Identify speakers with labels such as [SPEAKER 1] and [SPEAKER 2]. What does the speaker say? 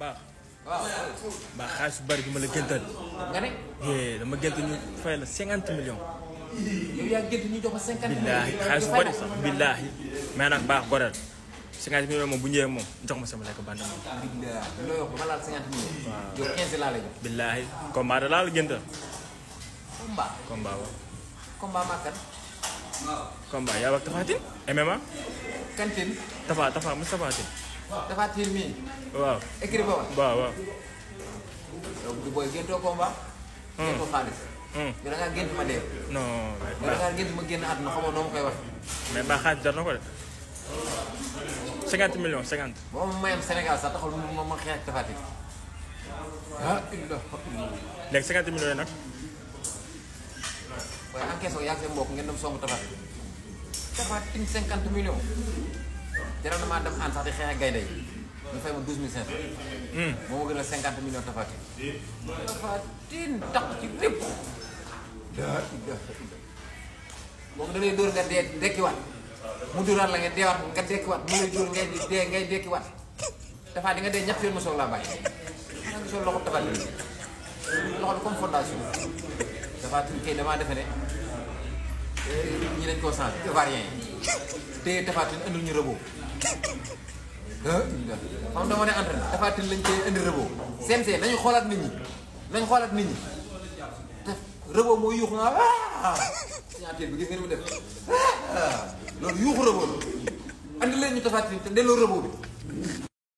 [SPEAKER 1] baax baax xaalis bu bari gi ma Yeah, gëntal nga ne file dama gënt ñu fay la cinquante millions yow yaa gënt ñu jox ko cinquante billaahi xaalis bu bari sax billaahi mais nag baax goreel cinquante millions moom bu ñëwee moom jox ma sama lekk bànd moom
[SPEAKER 2] loo yow ma laal cinquante millions
[SPEAKER 1] Komba, quinze laa la jox billaahi combat da MMA kantin Tafa Tafa
[SPEAKER 2] dafa tiir mii.
[SPEAKER 1] waaw écrit ba waaw waaw. donc du booy géntoo combat. Hmm. géntoo xaalis. yow hmm. da ngaa gént ma dee. non mais da ma génn àdduna xamoo noo ma koy wax. mais ba xaalis jar na ko de. 50 millions 50. boo ma mayam Sénégal sax taxul ma ma xeex Tapha Tine.
[SPEAKER 2] ah illa léegi nag. waaye encaisse yaa ngi seen ngeen dem song Tapha Tine. Tapha Tine 50 jaral na def dem ànd sax di xeex ak gaynde yi ñu fay ma douze mille cinq cent. Hmm. moo ma gën a cinquante millions Tapha Tine. tax ci lépp. daa moom da lay dóor nga dee dekkiwaat mu dóoraat la nga deewaat nga dekkiwaat mu ngay dee ngay dekkiwaat Tapha di nga dee ñett yoon mu soog laa bàyyi. xanaa nga soog loxo Tapha loxo bi comme fondation Tapha Tine kay damaa defe ne. ñi dañ koo changé ivoirien yi téye tafaatin indil ñu rëboo xam dama ne entraîné tafaatin lañ téye indi rëboo CNG nañu xoolaat nit ñi nañ xoolaat nit ñi def rëboo mooy yuuxu nga ah! bi gis ngeen mu ah! loolu yuuxu rëboo la andi leen ñu tafaatin te delloo rëboo bi